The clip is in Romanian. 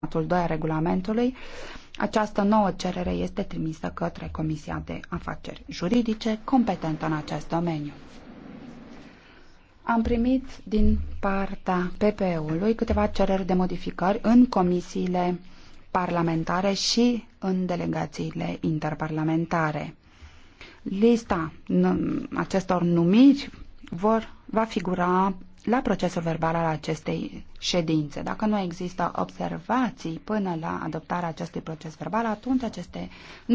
atul 2 a regulamentului, această nouă cerere este trimisă către Comisia de Afaceri Juridice competentă în acest domeniu. Am primit din partea PPE-ului câteva cereri de modificări în comisiile parlamentare și în delegațiile interparlamentare. Lista acestor numiri vor va figura la procesul verbal al acestei ședințe. Dacă nu există observații până la adoptarea acestui proces verbal, atunci aceste